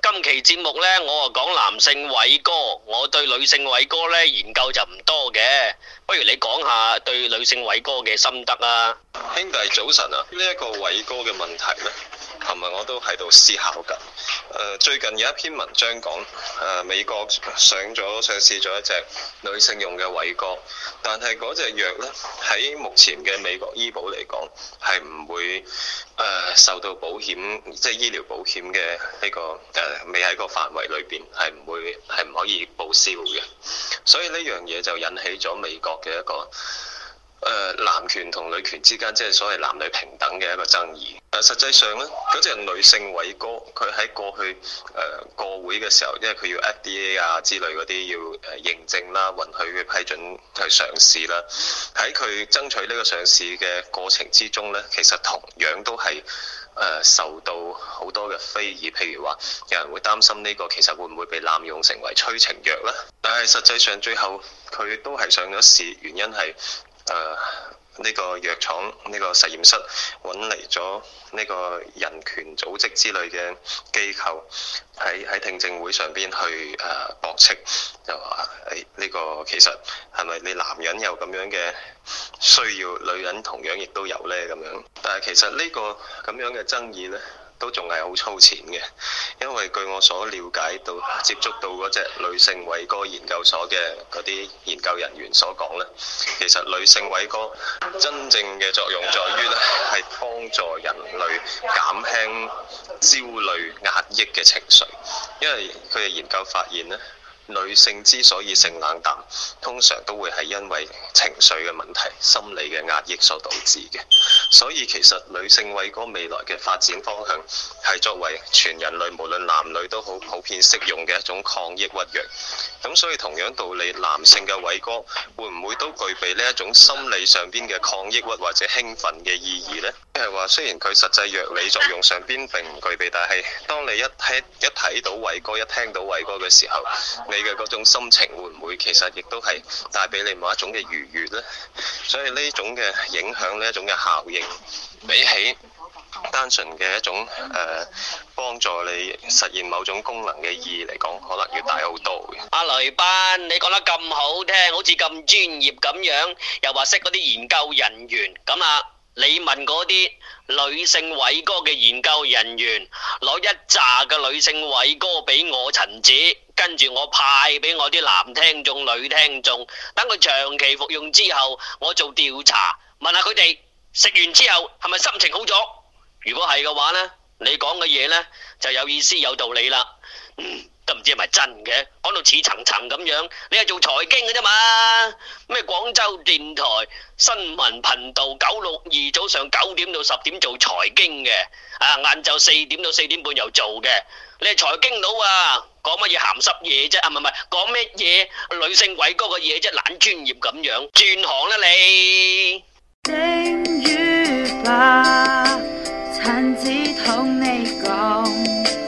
今期節目呢，我啊講男性偉哥，我對女性偉哥呢研究就唔多嘅，不如你講下對女性偉哥嘅心得啊，兄弟早晨啊，呢、這、一個偉哥嘅問題呢，琴日我都喺度思考緊。誒、呃，最近有一篇文章講誒、呃、美國上咗上市咗一隻女性用嘅偉哥，但係嗰隻藥呢，喺目前嘅美國醫保嚟講係唔會誒、呃、受到保險即係醫療保險嘅呢個。誒未喺個範圍裏邊，係唔會係唔可以報銷嘅。所以呢樣嘢就引起咗美國嘅一個誒、呃、男權同女權之間，即係所謂男女平等嘅一個爭議。誒、呃、實際上咧，嗰、那、隻、個、女性偉哥，佢喺過去誒、呃、過會嘅時候，因為佢要 FDA 啊之類嗰啲要誒、呃、認證啦，允許佢批准去上市啦。喺佢爭取呢個上市嘅過程之中呢，其實同樣都係。呃、受到好多嘅非議，譬如話有人會擔心呢個其實會唔會被濫用成為催情藥咧？但係實際上最後佢都係上咗市，原因係。誒、呃。呢個藥廠，呢個實驗室揾嚟咗呢個人權組織之類嘅機構，喺喺聽證會上邊去誒駁斥，就話誒呢個其實係咪你男人有咁樣嘅需要，女人同樣亦都有呢咁樣。但係其實呢個咁樣嘅爭議呢。都仲係好粗淺嘅，因為據我所了解到、接觸到嗰隻女性偉哥研究所嘅嗰啲研究人員所講咧，其實女性偉哥真正嘅作用在於咧，係幫助人類減輕焦慮，焦慮壓抑嘅情緒，因為佢哋研究發現咧。女性之所以性冷淡，通常都會係因為情緒嘅問題、心理嘅壓抑所導致嘅。所以其實女性偉哥未來嘅發展方向，係作為全人類無論男女都好普遍適用嘅一種抗抑鬱藥。咁所以同樣道理，男性嘅偉哥會唔會都具備呢一種心理上邊嘅抗抑鬱或者興奮嘅意義呢？係話，雖然佢實際藥理作用上邊並唔具備，但係當你一聽一睇到偉哥，一聽到偉哥嘅時候，你嘅嗰種心情會唔會其實亦都係帶俾你某一種嘅愉悅呢？所以呢種嘅影響，呢一種嘅效應，比起單純嘅一種誒、幫、呃、助你實現某種功能嘅意義嚟講，可能要大好多。阿、啊、雷班，你講得咁好聽，好似咁專業咁樣，又話識嗰啲研究人員咁啊？你問嗰啲女性偉哥嘅研究人員攞一扎嘅女性偉哥俾我陳子，跟住我派俾我啲男聽眾、女聽眾，等佢長期服用之後，我做調查，問下佢哋食完之後係咪心情好咗？如果係嘅話呢，你講嘅嘢，呢就有意思、有道理啦。嗯都唔知係咪真嘅，講到似層層咁樣。你係做財經嘅啫嘛？咩廣州電台新聞頻道九六二早上九點到十點做財經嘅，啊晏晝四點到四點半又做嘅。你係財經佬啊，講乜嘢鹹濕嘢啫？啊唔係唔係，講乜嘢女性偉哥嘅嘢啫，懶專業咁樣，轉行啦、啊、你。正如吧，陳子同你講。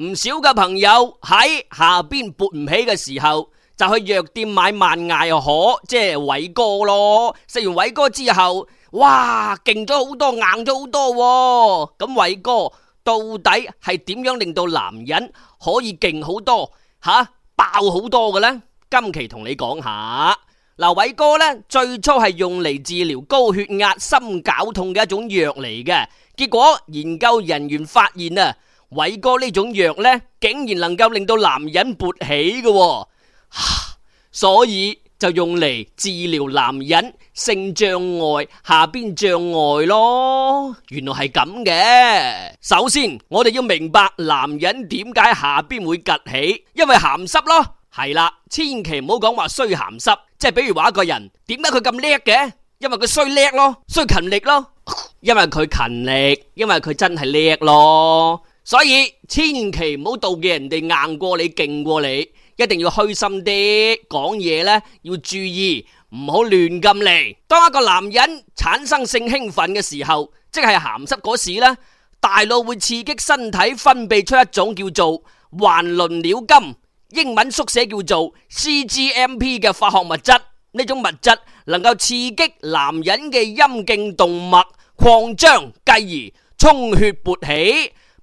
唔少嘅朋友喺下邊勃唔起嘅時候，就去藥店買萬艾可，即係偉哥咯。食完偉哥之後，哇，勁咗好多，硬咗好多。咁偉哥到底係點樣令到男人可以勁好多吓、啊、爆好多嘅呢？今期同你講下嗱，偉哥呢，最初係用嚟治療高血壓、心絞痛嘅一種藥嚟嘅，結果研究人員發現啊。偉哥呢種藥呢，竟然能夠令到男人勃起嘅，哦，所以就用嚟治療男人性障礙下邊障礙咯。原來係咁嘅。首先，我哋要明白男人點解下邊會趷起，因為鹹濕咯。係啦，千祈唔好講話衰鹹濕，即係比如話一個人點解佢咁叻嘅，因為佢衰叻咯，衰勤力咯，因為佢勤力，因為佢真係叻咯。所以千祈唔好妒忌人哋硬過你，勁過你，一定要虛心啲講嘢咧。要注意唔好亂咁嚟。當一個男人產生性興奮嘅時候，即係鹹濕嗰時啦，大腦會刺激身體分泌出一種叫做環輪鳥金英文縮寫叫做 CGMP 嘅化學物質。呢種物質能夠刺激男人嘅陰莖動脈擴張，繼而充血勃起。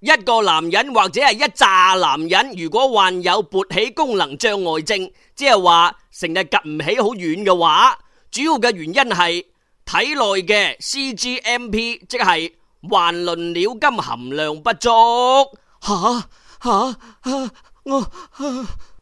一個男人或者係一紮男人，如果患有勃起功能障礙症，即係話成日及唔起好遠嘅話，主要嘅原因係體內嘅 cGMP 即係環磷鳥苷含量不足。吓吓吓！我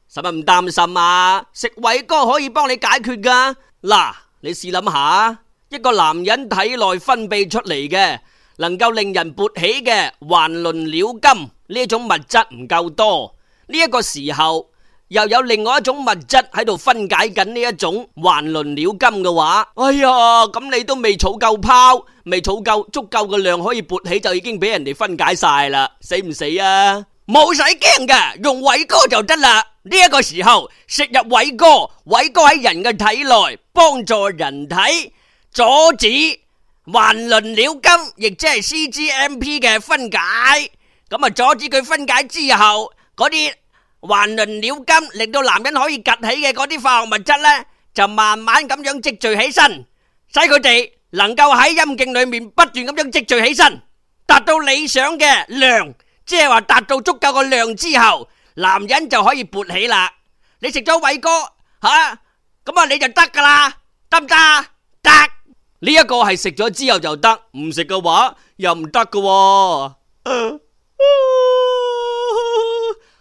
使乜唔擔心啊？食偉哥可以幫你解決噶。嗱、啊，你試諗下一個男人體內分泌出嚟嘅。能夠令人勃起嘅環磷鳥苷呢種物質唔夠多，呢一個時候又有另外一種物質喺度分解緊呢一種環磷鳥苷嘅話，哎呀，咁你都未儲夠泡，未儲夠足夠嘅量可以勃起就已經俾人哋分解晒啦，死唔死啊？冇使驚㗎，用偉哥就得啦。呢一個時候食入偉哥，偉哥喺人嘅體內幫助人體阻止。環磷鳥苷，亦即係 cGMP 嘅分解，咁啊阻止佢分解之後，嗰啲環磷鳥苷令到男人可以趷起嘅嗰啲化學物質呢，就慢慢咁樣積聚起身，使佢哋能夠喺陰莖裏面不斷咁樣積聚起身，達到理想嘅量，即係話達到足夠嘅量之後，男人就可以勃起啦。你食咗偉哥吓，咁啊你就得㗎啦，得唔得？得。呢一個係食咗之後就得，唔食嘅話又唔得嘅。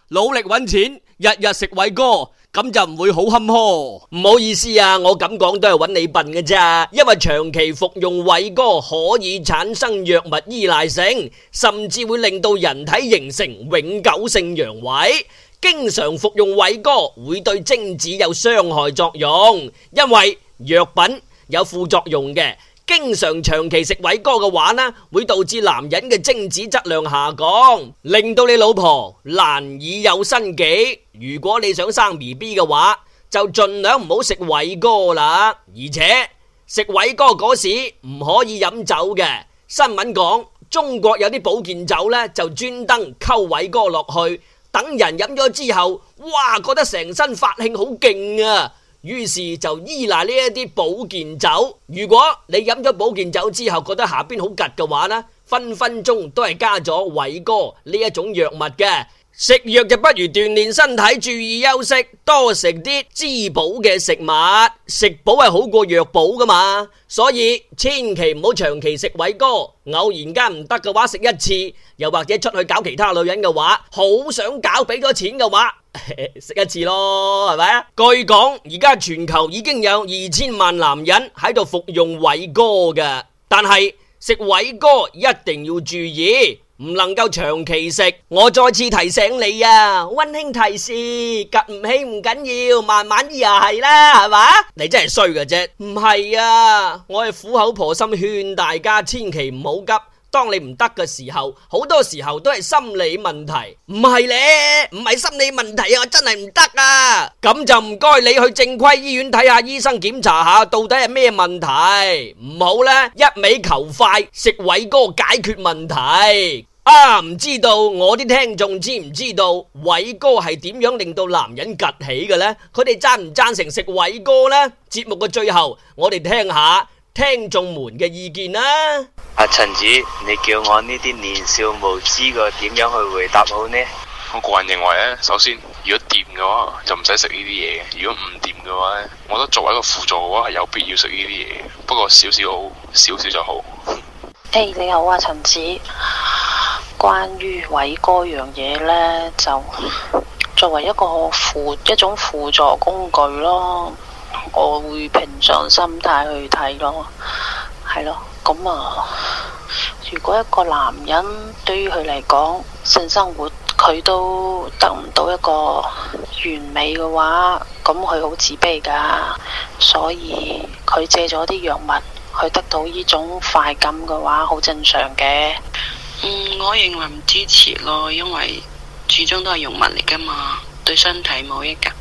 努力揾錢，日日食偉哥，咁就唔會好坎坷。唔好意思啊，我咁講都係揾你笨嘅咋。因為長期服用偉哥可以產生藥物依賴性，甚至會令到人體形成永久性陽痿。經常服用偉哥會對精子有傷害作用，因為藥品。有副作用嘅，經常長期食偉哥嘅話呢，會導致男人嘅精子質量下降，令到你老婆難以有身己。如果你想生 B B 嘅話，就盡量唔好食偉哥啦。而且食偉哥嗰時唔可以飲酒嘅。新聞講，中國有啲保健酒呢，就專登溝偉哥落去，等人飲咗之後，哇，覺得成身發興好勁啊！於是就依賴呢一啲保健酒。如果你飲咗保健酒之後覺得下邊好吉嘅話呢，分分鐘都係加咗偉哥呢一種藥物嘅。食藥就不如鍛煉身體，注意休息，多食啲滋補嘅食物。食補係好過藥補㗎嘛，所以千祈唔好長期食偉哥。偶然間唔得嘅話，食一次，又或者出去搞其他女人嘅話，好想搞俾多錢嘅話。食 一次咯，係咪啊？據講而家全球已經有二千萬男人喺度服用偉哥嘅，但係食偉哥一定要注意，唔能夠長期食。我再次提醒你啊，溫馨提示，夾唔起唔緊要緊，慢慢又係啦，係嘛？你真係衰嘅啫，唔係啊，我係苦口婆心勸大家，千祈唔好急。當你唔得嘅時候，好多時候都係心理問題，唔係你，唔係心理問題啊，我真係唔得啊，咁就唔該你去正規醫院睇下醫生檢下，檢查下到底係咩問題。唔好咧，一味求快，食偉哥解決問題。啊，唔知道我啲聽眾知唔知道偉哥係點樣令到男人崛起嘅呢？佢哋贊唔贊成食偉哥呢？節目嘅最後，我哋聽下。聽眾們嘅意見啦，啊，阿陳子，你叫我呢啲年少無知嘅點樣去回答好呢？我個人認為呢，首先如果掂嘅話就唔使食呢啲嘢；如果唔掂嘅話，我覺得作為一個輔助嘅話係有必要食呢啲嘢，不過少少好，少少就好。誒，hey, 你好啊，陳子，關於偉哥樣嘢呢，就作為一個輔一種輔助工具咯。我會平常心態去睇咯，係咯，咁啊，如果一個男人對於佢嚟講，性生活佢都得唔到一個完美嘅話，咁佢好自卑噶，所以佢借咗啲藥物去得到呢種快感嘅話，好正常嘅。嗯，我認為唔支持咯，因為始終都係藥物嚟噶嘛，對身體冇益噶。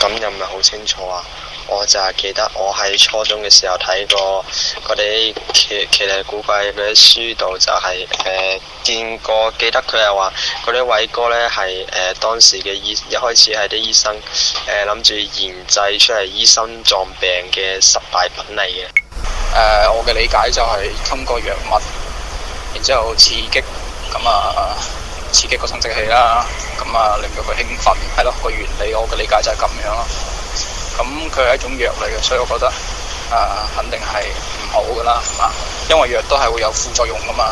咁、嗯、又唔係好清楚啊？我就係記得我喺初中嘅時候睇過嗰啲奇奇離古怪嘅書度，就是，就係誒見過。記得佢係話嗰啲偉哥咧係誒當時嘅醫，一開始係啲醫生誒諗住研製出嚟醫心臟病嘅失敗品嚟嘅。誒、呃，我嘅理解就係通過藥物，然之後刺激，咁啊刺激個生殖器啦，咁啊令到佢興奮，係咯，個原理我嘅理解就係咁樣咯。咁佢係一種藥嚟嘅，所以我覺得啊、呃，肯定係唔好噶啦，係因為藥都係會有副作用噶嘛。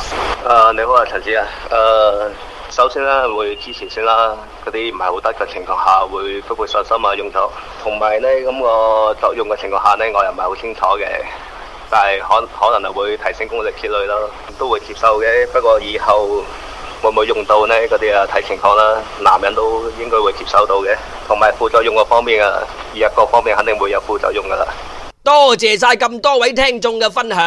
誒、呃，你好啊，陳子啊。誒、呃，首先咧會支持先啦。嗰啲唔係好得嘅情況下，會恢復信心啊？用咗同埋咧咁個作用嘅情況下咧，我又唔係好清楚嘅，但係可可能會提升功力之類咯，都會接受嘅。不過以後。會唔會用到呢？嗰啲啊，睇情況啦。男人都應該會接受到嘅，同埋副作用嘅方面啊，藥各方面肯定會有副作用噶啦。多謝晒咁多位聽眾嘅分享，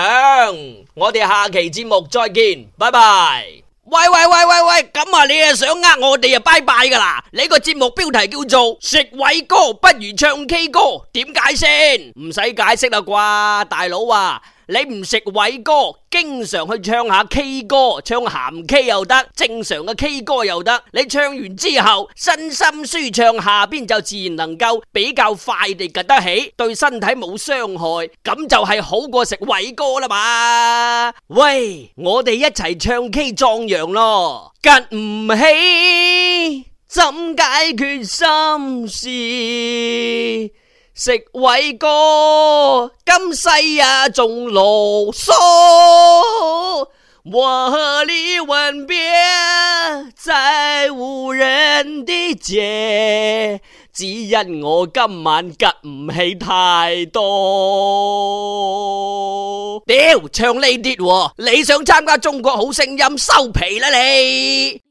我哋下期節目再見，拜拜。喂喂喂喂喂，咁啊你啊想呃我哋啊拜拜噶啦？你個節目標題叫做食偉哥不如唱 K 歌，點解先？唔使解釋啦啩，大佬啊！你唔食偉哥，經常去唱下 K 歌，唱鹹 K 又得，正常嘅 K 歌又得。你唱完之後，身心舒暢，下邊就自然能夠比較快地及得起，對身體冇傷害，咁就係好過食偉哥啦嘛。喂，我哋一齊唱 K 壯陽咯，及唔起？怎解決心事？食偉哥，今世呀仲囉嗦，我和你吻別在無人的街，只因我今晚拮唔起太多。屌，唱呢啲，你想參加中國好聲音收皮啦你？